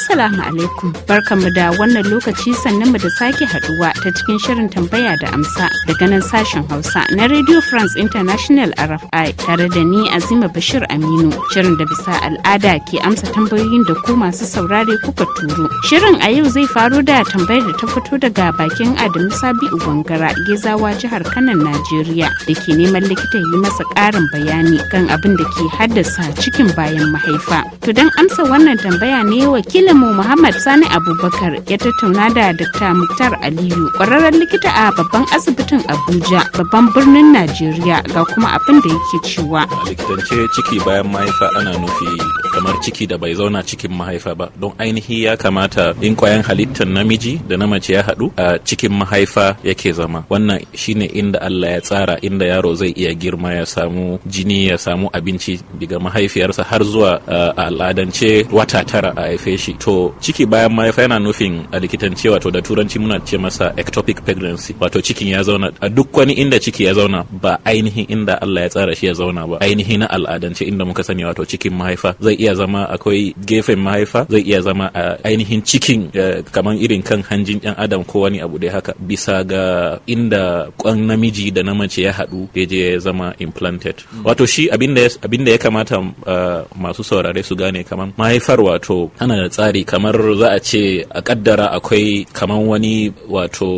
Assalamu alaikum barkanmu da wannan lokaci sannan mu da sake haduwa ta cikin shirin tambaya da amsa daga nan sashen Hausa na Radio France International RFI tare da ni Azima Bashir Aminu shirin da bisa al'ada ke amsa tambayoyin da ku masu saurare kuka turo. Shirin a yau zai faro da tambayar da ta fito daga bakin Adamu Sabi'u Ubangara Gezawa jihar Kano Najeriya da ke neman likita yi masa ƙarin bayani kan abin da ke haddasa cikin bayan mahaifa. To don amsa wannan tambaya ne wakilin mu Muhammad Sani Abubakar ya tattauna da Dr. Muktar Aliyu, ƙwararren likita a babban asibitin Abuja, babban birnin Najeriya ga kuma abin da yake cewa. A likitance ciki bayan mahaifa ana nufi kamar ciki da bai zauna cikin mahaifa ba, don ainihi ya kamata in kwayan halittar namiji da na mace ya haɗu a cikin mahaifa yake zama. Wannan shine inda Allah ya tsara inda yaro zai iya girma ya samu jini ya samu abinci daga mahaifiyarsa har zuwa a al'adance wata tara a haife shi to ciki bayan mahaifa yana nufin a likitance wato da turanci muna ce masa ectopic pregnancy wato cikin ya zauna a duk wani inda ciki ya zauna ba ainihin inda Allah ya tsara shi ya zauna ba ainihin na al'adance inda muka sani wato cikin mahaifa zai iya zama akwai gefen mahaifa zai iya zama a ainihin cikin eh, kamar irin kan hanjin yan adam ko wani abu dai haka bisa ga inda kwan namiji da na mace ya haɗu ya je ya zama implanted mm. wato shi abinda ya kamata eh, masu saurare su gane kamar mahaifar wato ana da tsari kamar za a ce a kaddara akwai kamar wani wato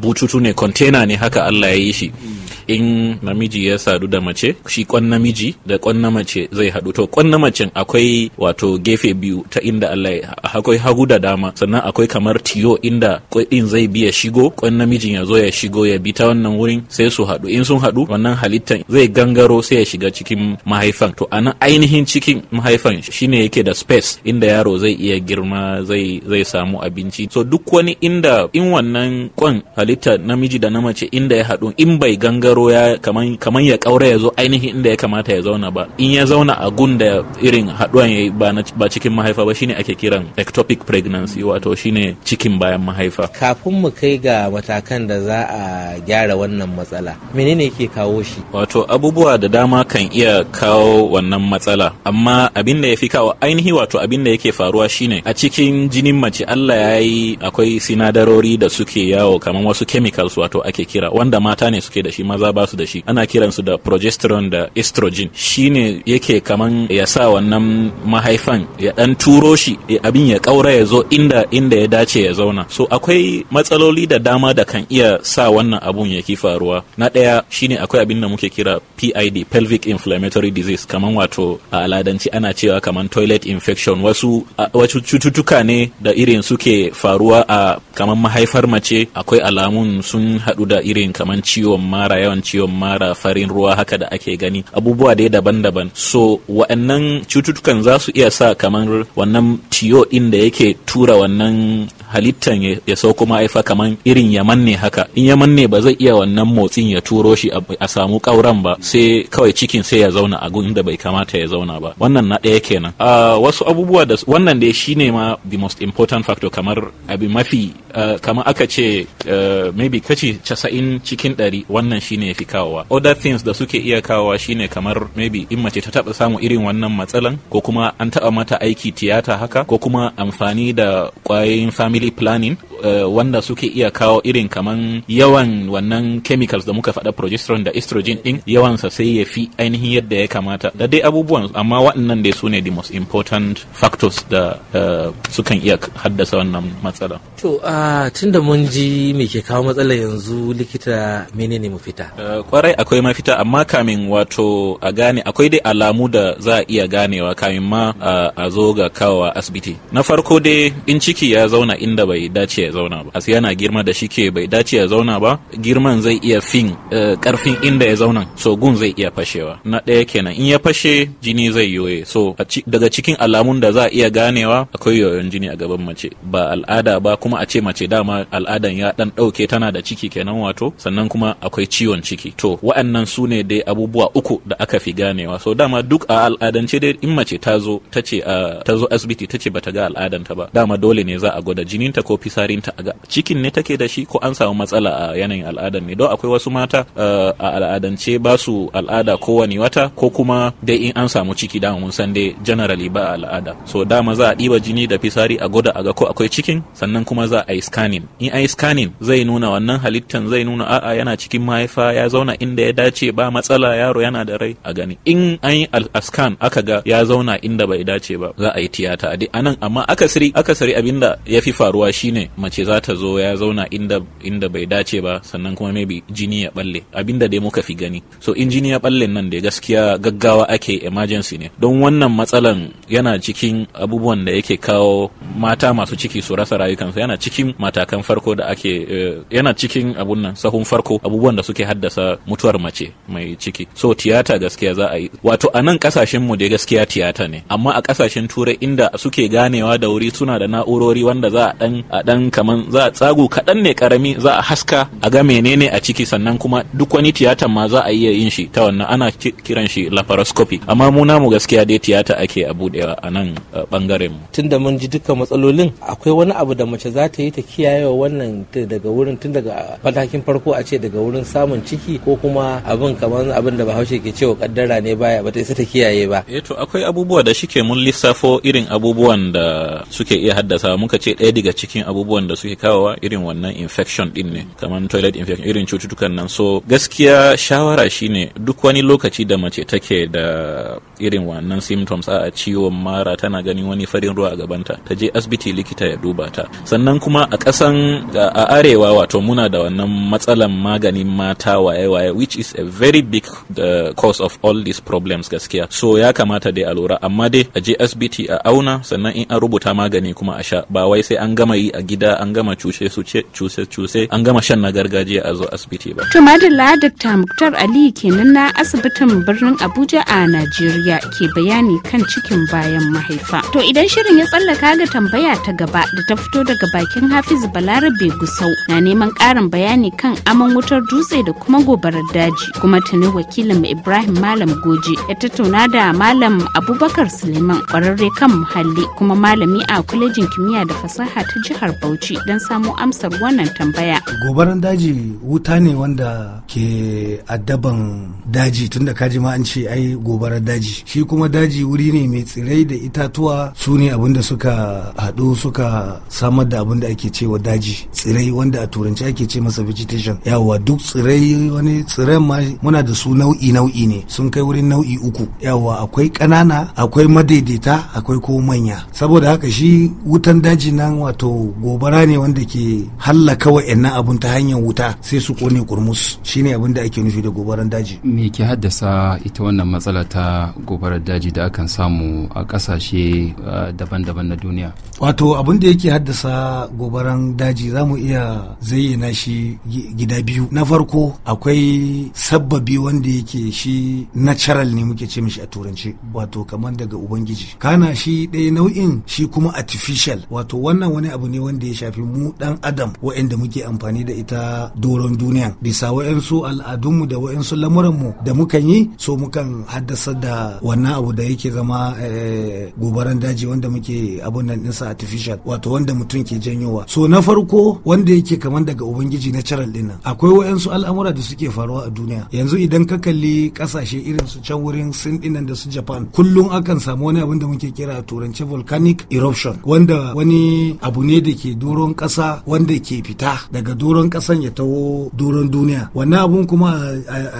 bututu ne container ne haka Allah ya yi shi in namiji ya sadu da mace shi kwan namiji da kwan na mace zai haɗu to kwan na macen akwai wato gefe biyu ta inda Allah akwai hagu da dama sannan akwai kamar tiyo inda kwai din zai biya shigo kwan namijin ya zo ya shigo ya bi ta wannan wurin sai su haɗu in sun haɗu wannan halittan zai gangaro sai ya shiga cikin mahaifan to anan ainihin cikin mahaifan shine yake da space inda yaro zai iya iya girma zai zai samu abinci so duk wani inda in wannan kwan halitta namiji da na mace inda ya haɗu in bai gangaro ya kaman ya kaura ya zo ainihin inda ya kamata ya zauna ba in ya zauna a gun da irin haɗuwan ya ba cikin mahaifa ba shine ake kiran ectopic pregnancy wato shine cikin bayan mahaifa kafin mu kai ga matakan da za a gyara wannan matsala menene ke kawo shi wato abubuwa da dama kan iya kawo wannan matsala amma abin da ya fi kawo ainihi wato abin da yake faruwa shi shine a cikin jinin mace Allah ya yi akwai sinadarori da suke yawo kamar wasu chemicals wato ake kira wanda mata ne suke da shi maza ba su da shi ana kiransu da progesterone da estrogen shine yake kaman ya sa wannan mahaifan ya dan turo shi abin ya kaura ya zo inda inda ya dace ya zauna so akwai matsaloli da dama da kan iya sa wannan abun ya ki faruwa na ɗaya shine akwai abin da muke kira PID pelvic inflammatory disease kaman wato a aladanci ana cewa kaman toilet infection wasu cututtuka ne da irin suke faruwa a kamar mahaifar mace akwai alamun sun haɗu da irin kamar ciwon mara yawan ciwon mara farin ruwa haka da ake gani abubuwa dai daban-daban so wa'annan cututtukan za su iya sa kamar wannan tiyo ɗin da yake tura wannan halittan ya sauko ma'aifa kamar irin ya manne haka in ya manne ba zai iya wannan motsin ya turo shi a samu ƙauran ba sai kawai cikin sai ya zauna a inda bai kamata ya zauna ba wannan na ɗaya kenan a ah, wasu abubuwa da wannan dai shi ne ma the most important factor kamar abin mafi uh, kamar aka ce uh, maybe kaci casa'in cikin ɗari wannan shine ya fi kawowa other things da suke iya kawowa shi ne kamar maybe in mace ta taɓa samu irin wannan matsalan ko kuma an taɓa mata aiki tiyata haka ko kuma amfani da ƙwayoyin family planning Eh, wanda suke iya kawo irin kaman yawan wannan chemicals da muka faɗa progesterone da estrogen din yawansa sai ya fi ainihin yadda ya kamata da dai abubuwan amma waɗannan dai su ne the most important factors da eh, sukan iya haddasa wannan matsala. To a tun da mun ji me ke kawo matsala yanzu likita menene fita? Eh, kwarai akwai mafita amma kamin wato a gane akwai dai alamu da za a iya ganewa kamin ma a zo ga kawowa asibiti. Na farko dai in ciki ya zauna inda bai dace zauna ba yana girma da shi ke bai dace ya zauna ba girman zai iya fin karfin eh, inda ya zauna so gun zai iya fashewa na ɗaya kenan in ya fashe jini zai yoye so daga cikin alamun da za a iya ganewa akwai yoyon jini a gaban mace ba al'ada ba kuma a ce mace dama al'adan ya dan ɗauke tana da ciki kenan wato sannan kuma akwai ciwon ciki to wa'annan su ne dai abubuwa uku da aka fi ganewa so dama duk a al'adance dai in mace ta zo ta ce ah, ta zo asibiti ta ce bata ga al'adanta ba dama dole ne za a gwada jininta ko fisarin ta a ga cikin ne take da shi ko an samu matsala a yanayin al'ada ne don akwai wasu mata eh, a al'adance ba su al'ada kowane wata ko kuma dai in an samu ciki dama mun san dai generally ba al'ada so dama za a diba jini da fisari a gwada a ga ko akwai cikin sannan kuma za a yi scanning in an yi scanning zai nuna wannan halittan zai nuna a'a yana cikin mahaifa ya zauna inda ya dace ba matsala yaro yana da rai a gani in an yi scan aka ga ya zauna inda bai dace ba za a yi tiyata a anan amma akasari akasari abinda ya fi faruwa shine mace za ta zo ya zauna inda inda bai dace ba sannan kuma maybe jini ya balle abinda dai muka fi gani so in jini ya balle nan da gaskiya gaggawa ake emergency ne don wannan matsalan yana cikin abubuwan da yake kawo mata masu ciki su rasa rayukansu yana cikin matakan farko da ake eh, yana cikin abun nan sahun farko abubuwan da suke haddasa mutuwar mace mai ciki so tiyata gaskiya za a yi wato a nan kasashen mu dai gaskiya tiyata ne amma a kasashen turai inda suke ganewa da wuri suna da na'urori wanda za a dan a dan kaman za a tsago kaɗan ne karami za a haska a ga menene a ciki sannan kuma duk wani tiyatan ma za a iya yin shi ta wannan ana kiran shi laparoscopy amma mu namu gaskiya dai tiyata ake a budewa a nan bangaren mu tunda mun ji dukkan matsalolin akwai wani abu da mace za ta yi ta kiyaye wannan daga wurin tun daga matakin farko a ce daga wurin samun ciki ko kuma abin kaman abin da bahaushe ke cewa kaddara ne baya ba ta isa ta kiyaye ba eh to akwai abubuwa da shike mun lissafo irin abubuwan da suke iya haddasa muka ce ɗaya daga cikin abubuwan cututtukan da suke kawowa irin wannan infection din ne kamar toilet infection irin cututtukan nan so gaskiya shawara shine duk wani lokaci da mace take da irin wannan symptoms a ciwon mara tana ganin wani farin ruwa a gabanta ta je asibiti likita ya duba ta sannan kuma a kasan a arewa wato muna da wannan matsalan maganin mata waye-waye which is a very big the cause of all these problems gaskiya so ya kamata dai a lura amma dai a je asibiti a auna sannan in an rubuta magani kuma a sha ba wai sai an gama yi a gida an gama cuce cuce an gama shan na gargajiya a zo asibiti ba. To madalla Dr. Muktar Ali kenan na asibitin birnin Abuja a Najeriya ke bayani kan cikin bayan mahaifa. To idan shirin ya tsallaka ga tambaya ta gaba da ta fito daga bakin Hafiz Balarabe Gusau na neman karin bayani kan aman wutar dutse da kuma gobarar daji kuma tuni wakilin Ibrahim Malam Goji ya tattauna da Malam Abubakar Suleiman kwararre kan muhalli kuma malami a kwalejin kimiyya da fasaha ta jihar Bauchi. Bauchi don samo amsar wannan tambaya. Gobaran daji wuta ne wanda ke addaban daji tunda kaji ma an ce ai gobarar daji. Shi kuma daji wuri ne mai tsirai da itatuwa su ne abin da suka haɗu suka samar da abinda ake cewa daji. Tsirai wanda a turanci ake ce masa vegetation. Yawwa duk tsirai wani tsirai ma muna da su nau'i nau'i ne sun kai wurin nau'i uku. Yawwa akwai ƙanana akwai madaidaita akwai ko manya. Saboda haka shi wutan daji nan wato gobara. gobara ne wanda ke hallaka wa'annan abun ta hanyar wuta sai su kone kurmus shine abin da ake nufi da gobaran daji me ke haddasa ita wannan matsala ta gobarar daji da akan samu a kasashe uh, daban-daban na duniya wato abin da yake haddasa gobaran daji za mu iya zayyana shi gida biyu na farko akwai sabbabi wanda yake shi natural ne muke ce mishi a turanci wato kamar daga ubangiji kana shi ɗaya nau'in shi kuma artificial wato wannan wani abu ne wanda ya shafi mu dan adam waɗanda muke amfani da ita doron duniya bisa wa'ansu al'adunmu da wa'ansu lamuranmu da mukan yi so mukan haddasa da wannan abu da yake zama eh, gobaran daji wanda muke abun nan ɗinsa artificial wato wanda mutum ke janyowa so na farko wanda yake kamar daga ubangiji na caral ɗin akwai wa'ansu al'amura da suke faruwa a duniya yanzu idan ka kalli kasashe irin su can wurin sin ɗin da su japan kullum akan samu wani abun da muke kira a turance volcanic eruption wanda wani abu ne da ke doron ƙasa wanda ke fita daga doron ƙasan ya taho doron duniya wannan abun kuma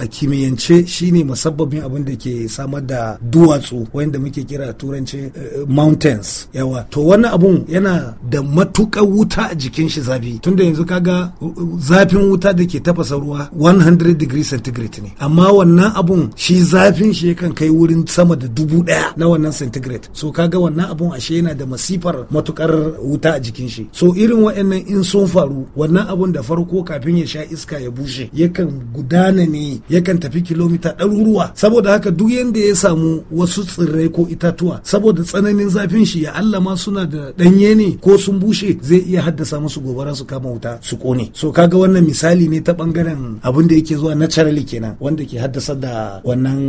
a kimiyyance shine musabbabin abin da ke samar da duwatsu wanda muke kira turanci eh, mountains yawa to wannan abun yana da matuƙar wuta a jikin shi zafi tunda yanzu kaga zafin wuta da ke tafasa ruwa 100 degree centigrade ne amma wannan abun shi zafin shi yakan kai wurin sama da dubu ɗaya na wannan centigrade so kaga wannan abun ashe yana da masifar matukar wuta a jikin shi so irin wa'annan in sun faru wannan abun da farko kafin ya sha iska ya bushe yakan gudana ne yakan tafi kilomita ɗaruruwa saboda haka duk yanda ya samu wasu tsirrai ko itatuwa saboda tsananin zafin shi ya Allah ma suna da ɗanye ne ko sun bushe zai iya haddasa musu gobara su kama wuta su kone so kaga wannan misali ne ta ɓangaren abun da yake zuwa naturally kenan wanda ke haddasa da wannan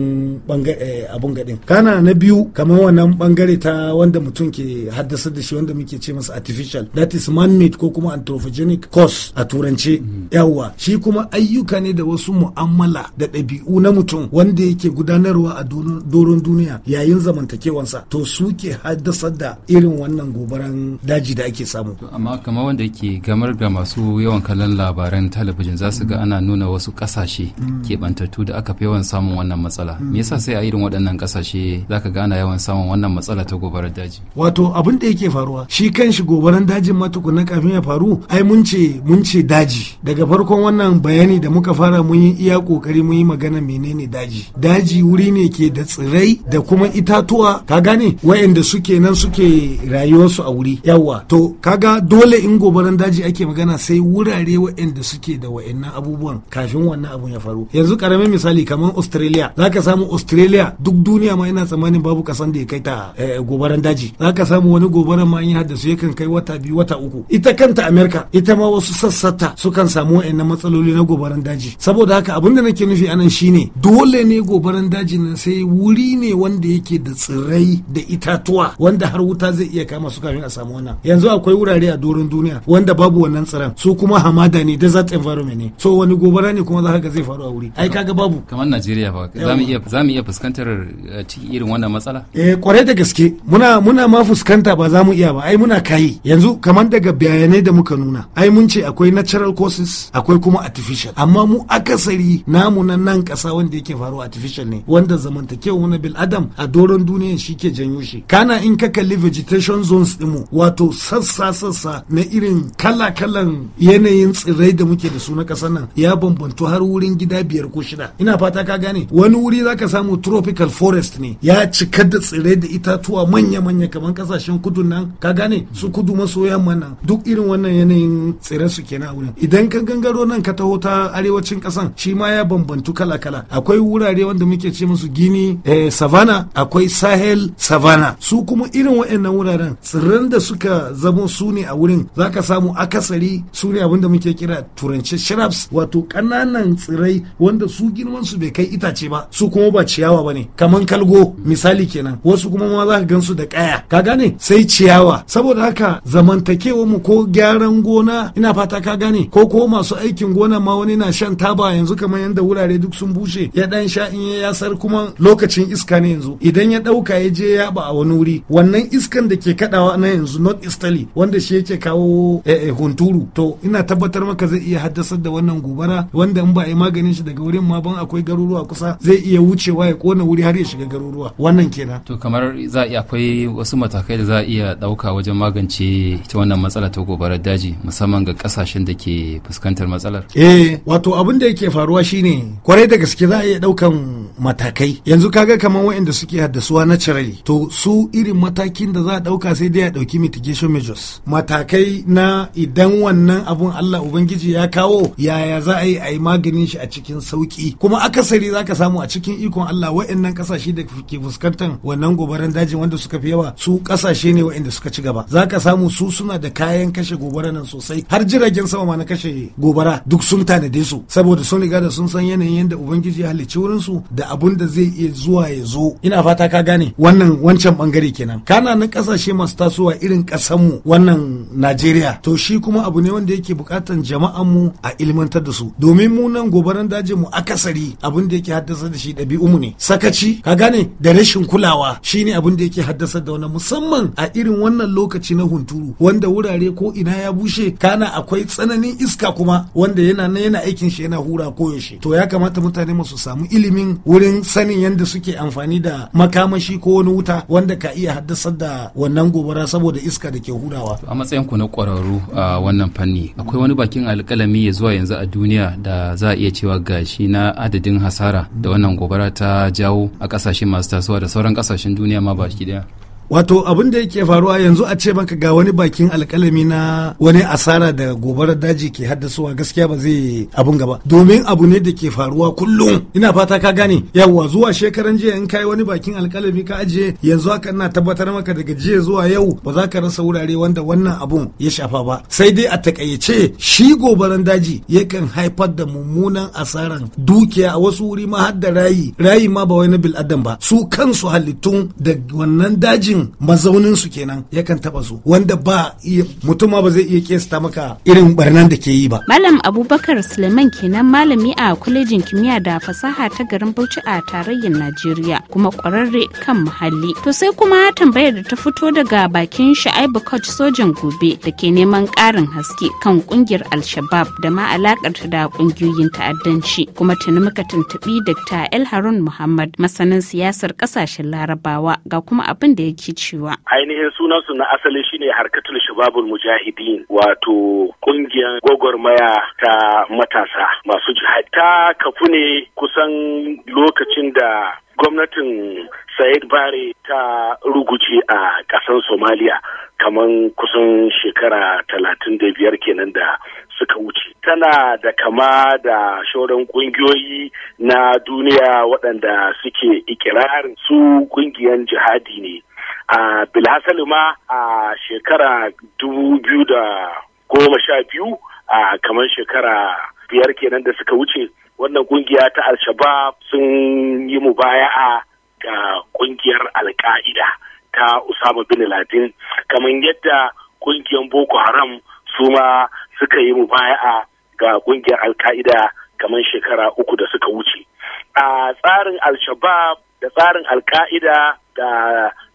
eh, abun gaɗin kana na biyu kamar wannan bangare ta wanda mutum ke haddasa da shi wanda muke ce masa artificial that is man-made ko kuma anthropogenic cause a turance yawa shi kuma ayyuka ne da wasu mu'amala da ɗabi'u na mutum wanda yake gudanarwa a doron duniya yayin zamantakewansa to suke haddasa da irin wannan gobaran daji da ake samu amma kamar wanda yake gamar ga masu yawan kallon labaran talabijin za su ga ana nuna wasu ƙasashe bantattu da aka fi yawan samun wannan matsala me yasa sai a irin waɗannan ƙasashe za ka ga ana yawan samun wannan matsala ta gobarar daji wato abin da yake faruwa shi kan shi gobarar dajin matuƙa tukunna kafin ya faru ai mun ce mun ce daji daga farkon wannan bayani da muka fara mun yi iya kokari mun yi magana menene daji daji wuri ne ke da tsirai da kuma itatuwa ka gane wayanda suke nan suke rayuwarsu a wuri yawa to kaga dole in gobaran daji ake magana sai wurare wayanda suke da wayannan abubuwan kafin wannan abun ya faru yanzu karamin misali kamar australia zaka samu australia duk duniya ma ina tsammanin babu kasan da ya kai ta eh, gobaran daji zaka samu wani gobaran ma in ya haddasa yakan kai wata biyu wata uku uku ita kanta amerika ita ma wasu sassata sukan samu wa'annan matsaloli na gobaran daji saboda haka abin da nake nufi anan shine dole ne gobaran daji nan sai wuri ne wanda yake da tsirrai da itatuwa wanda har wuta zai iya kama su kafin a samu wannan yanzu akwai wurare a doron duniya wanda babu wannan tsiran su kuma hamada ne desert environment ne so wani gobara ne kuma za ka zai faru a wuri ai kaga babu kamar Najeriya ba za mu iya za mu iya fuskantar eh, irin wannan matsala eh kwarai da gaske muna muna ma fuskanta ba za mu iya ba ai muna kai yanzu kamar daga ga bayanai da muka nuna ai mun ce akwai natural causes akwai kuma artificial amma mu akasari namu na nan kasa wanda yake faruwa artificial ne wanda zamantakewa na bil adam a doron duniya shi ke janyo shi kana in ka kalli vegetation zones mu wato sassa sassa na irin kala kalan yanayin tsirrai da muke da su na kasar nan ya bambantu har wurin gida biyar ko shida ina fata ka gane wani wuri zaka samu tropical forest ne ya cika da tsirrai da itatuwa manya manya kamar kasashen kudu nan ka gane su kudu maso yamma nan duk irin wannan yanayin tsire su kenan a wurin idan ka gangaro nan ka taho ta arewacin kasan shi ma ya bambantu kala kala akwai wurare wanda muke ce musu gini eh, savana akwai sahel savana su kuma irin waɗannan wuraren tsirran da suka zamo su ne a wurin zaka samu akasari su ne abinda muke kira Turanci shrubs wato ƙananan tsirai wanda su girman su bai kai itace ba su kuma ba ciyawa bane kaman kalgo misali kenan wasu kuma ma za ka gansu da kaya ka gane sai ciyawa saboda haka zamantakewa mu ko gyaran gona ina fata ka gane ko ko masu aikin gona ma wani na shan taba yanzu kamar yadda wurare duk sun bushe ya dan sha in ya yasar kuma lokacin iska ne yanzu idan ya dauka ya je ya ba a wani wuri wannan iskan da ke kadawa na yanzu north easterly wanda shi yake kawo eh, eh, hunturu to ina tabbatar maka zai iya haddasar da wannan gobara wanda in ba a yi maganin shi daga wurin ma ban akwai garuruwa kusa zai iya wucewa ya kona wuri har ya shiga garuruwa wannan kenan to kamar za a iya akwai wasu matakai da za a iya dauka wajen magance ita wannan matsala matsala ta gobarar daji musamman ga kasashen da ke fuskantar matsalar? Eh, wato abin da yake faruwa shine kwarai da gaske za a iya daukan matakai. Yanzu kaga kamar waɗanda suke haddasuwa na cirali. To su irin matakin da za a dauka sai dai a dauki mitigation measures. Matakai na idan wannan abun Allah Ubangiji ya kawo yaya za a yi a yi maganin shi a cikin sauki. Kuma akasari za ka samu a cikin ikon Allah waɗannan kasashe da ke fuskantar wannan gobarar daji wanda suka fi yawa su kasashe ne waɗanda suka ci gaba. Za ka samu su suna da kayan kashe gobara nan sosai har jiragen sama ma na kashe gobara duk sun tanade su saboda sun riga da sun san yanayin yadda ubangiji ya halicci wurin su da abun da zai iya zuwa ya zo ina fata ka gane wannan wancan bangare kenan kana na kasashe masu tasowa irin kasan mu wannan Najeriya to shi kuma abu ne wanda yake bukatan jama'an mu a ilmantar da su domin mu nan gobaran dajin mu akasari abin da yake haddasa da shi dabi'u mu ne sakaci ka gane da rashin kulawa shine abin da yake haddasa da wannan musamman a irin wannan lokaci na hunturu wanda wurin wurare ko ina ya bushe kana akwai tsananin iska kuma wanda yana nan yana aikin shi yana hura ko yaushe to ya kamata mutane masu samu ilimin wurin sanin yadda suke amfani da makamashi ko wani wuta wanda ka iya haddasar da wannan gobara saboda iska da ke hurawa a matsayin ku na kwararru a wannan fanni akwai wani bakin alkalami ya zuwa yanzu a duniya da za a iya cewa gashi na adadin hasara da wannan gobara ta jawo a kasashe masu tasowa da sauran kasashen duniya ma baki daya wato abin da yake faruwa yanzu a ce maka ga wani bakin alkalami na wani asara da gobarar daji ke haddasowa gaskiya ba zai abin gaba domin abu ne da ke faruwa kullum ina fata ka gane yawwa zuwa shekaran jiya in kai wani bakin alkalami ka ajiye yanzu haka ina tabbatar maka daga jiya zuwa yau ba za ka rasa wurare wanda wannan abun ya shafa ba sai dai a takaice shi gobaran daji yakan haifar da mummunan asaran dukiya a wasu wuri ma har da rayi rayi ma ba wai na bil'adam ba su kansu halittun da wannan daji. aikin mazaunin su kenan yakan taba su wanda ba mutum ba zai iya kesta maka irin barnan da ke yi ba malam abubakar suleiman kenan malami a kwalejin kimiyya da fasaha ta garin bauchi a tarayyar najeriya kuma kwararre kan muhalli to sai kuma tambayar da ta fito daga bakin sha'ibu coach sojan gobe da ke neman ƙarin haske kan kungiyar al-shabab da ma ta da kungiyoyin ta'addanci kuma tuni muka tuntubi dr el harun muhammad masanin siyasar kasashen larabawa ga kuma abin da yake ke Ainihin sunansu na asali shine harkatul shababul mujahidin wato kungiyar gwagwarmaya ta matasa masu jihadi. Ta kafu ne kusan lokacin da gwamnatin Said Bari ta ruguje a ƙasar Somalia kamar kusan shekara talatin da biyar kenan da suka wuce. Tana da kama da shauran ƙungiyoyi na duniya waɗanda suke ikirarin su ƙungiyar jihadi ne. a bilhassali ma a shekara dubu biyu da goma sha biyu a kamar shekara biyar kenan da suka wuce wannan kungiya ta al-shabab sun yi mu mubaya'a ga kungiyar al-qaida ta usama bin laden kamar yadda kungiyar boko haram su ma suka yi mu mubaya'a ga kungiyar al-qaida kamar shekara uku da suka wuce a tsarin al-shabab da tsarin al-qaida da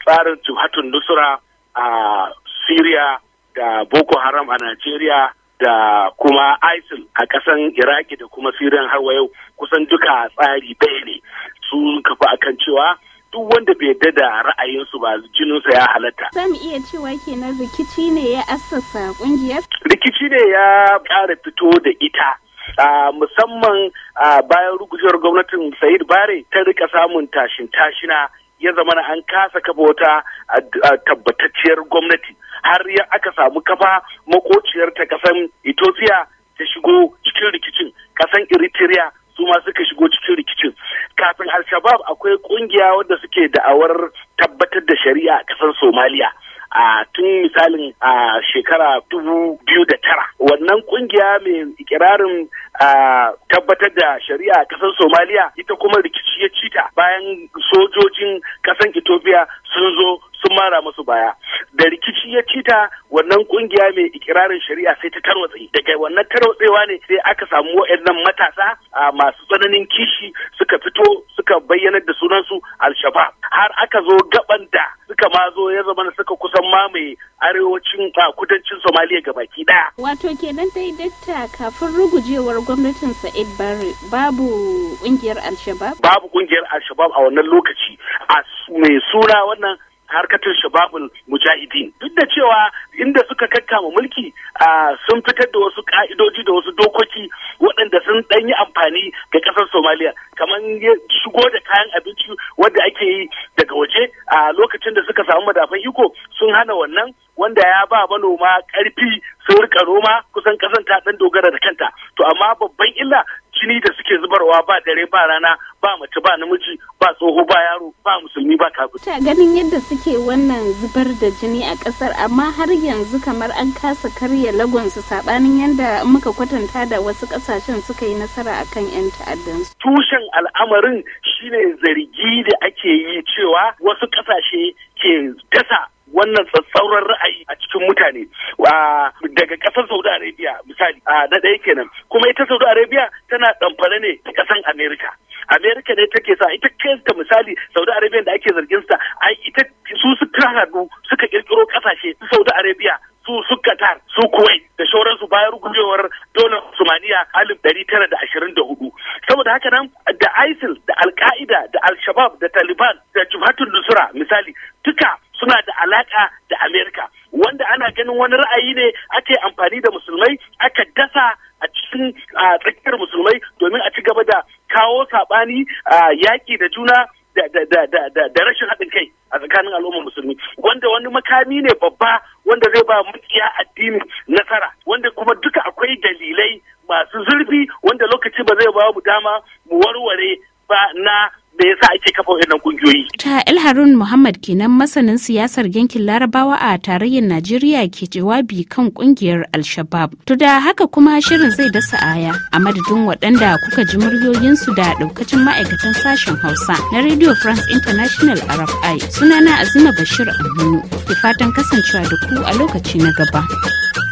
tsarin Jihadun Nusra a Syria da Boko Haram a Najeriya da kuma ISIL a ƙasan Iraki da kuma Syrian har wa yau kusan duka tsari ɗaya ne su kafa akan cewa duk wanda bai yarda da ra'ayinsu ba jininsa ya halatta. Zan iya cewa kenan rikici ne ya assasa kungiyar? Rikici ne ya ƙara fito da ita. musamman bayan rugujewar gwamnatin Said Bare ta rika samun tashin tashina ya zama an kasa kafa wata tabbatacciyar gwamnati har ya aka samu kafa makociyar ta kasan ethiopia ta shigo cikin rikicin kasan eritrea su ma suka shigo cikin rikicin kafin al-shabab akwai kungiya wadda suke da'awar tabbatar da shari'a a kasan somaliya a tun misalin a shekara dubu biyu da tara wannan kungiya mai ikirarin a tabbatar da shari'a a ƙasar somaliya ita kuma rikici ya cita bayan sojojin ƙasar ethiopia sun zo sun mara musu baya da rikici ya cita wannan kungiya mai ikirarin shari'a sai ta tarwatse daga wannan tarwatsewa ne sai aka samu waɗannan matasa a masu tsananin kishi suka fito suka bayyana da sunansu al har aka zo gaban da suka ma zo ya zama suka kusan mamaye arewacin a kudancin somaliya ga baki daya wato kenan dai dakta kafin rugujewar gwamnatin sa'id barre babu kungiyar al babu kungiyar al a wannan lokaci a mai suna wannan harkatar shababul mujahidin duk da cewa inda suka kakkama mulki sun fitar da wasu ka'idoji da wasu dokoki waɗanda sun ɗan yi amfani ga ƙasar somaliya kamar shigo da kayan abinci wanda ake yi daga waje a lokacin da suka samu madafan iko sun hana wannan wanda ya ba manoma ƙarfi su rika noma kusan ƙasan ta ɗan dogara da kanta to amma babban illa jini da suke zubarwa ba dare ba rana ba mace ba namiji ba tsoho ba yaro ba musulmi ba kafin. Ta ganin yadda suke wannan zubar da jini a kasar amma har yanzu kamar an kasa karya lagonsu saɓanin yadda muka kwatanta da wasu kasashen suka yi nasara akan 'yan ta'addan. Tushen al'amarin shine zargi da ake yi cewa wasu kasashe ke dasa wannan tsatsauran ra'ayi a cikin mutane ah, daga ƙasar Saudi Arabia misali ah, na ɗaya kenan kuma ita Saudi Arabia tana ɗamfare ne ta ƙasar Amerika. Amerika ne take sa ita kanta misali Saudi Arabia da ake zargin sa ai ita su suka haɗu suka ƙirƙiro ƙasashe Saudi Arabia su su Qatar su Kuwait da shauransu bayan gujewar dolar sumaniya alif ɗari tara da ashirin da hudu. Saboda haka nan da ISIL da Al-Qaida da al shabab da Taliban da Jibhatul Nusra misali duka suna da alaka da amerika wanda ana ganin wani ra'ayi ne ake amfani da musulmai aka dasa a cikin tsakiyar musulmai domin a ci gaba da kawo saɓani yaƙi da juna da rashin haɗin kai a tsakanin al'ummar musulmi wanda wani makami ne babba wanda zai ba makiya addini nasara wanda kuma duka akwai dalilai masu zurfi wanda lokaci ba zai ba mu dama mu warware ba na da yasa ake kafa wannan kungiyoyi. Ta El Harun Muhammad kenan masanin siyasar yankin Larabawa a tarayyar Najeriya ke jawabi kan kungiyar Al-Shabab. To da haka kuma shirin zai dasa aya a madadin waɗanda kuka ji muryoyinsu da ɗaukacin ma'aikatan sashen Hausa na Radio France International RFI. Sunana Azima Bashir Aminu. Ke fatan kasancewa da ku a lokaci na gaba.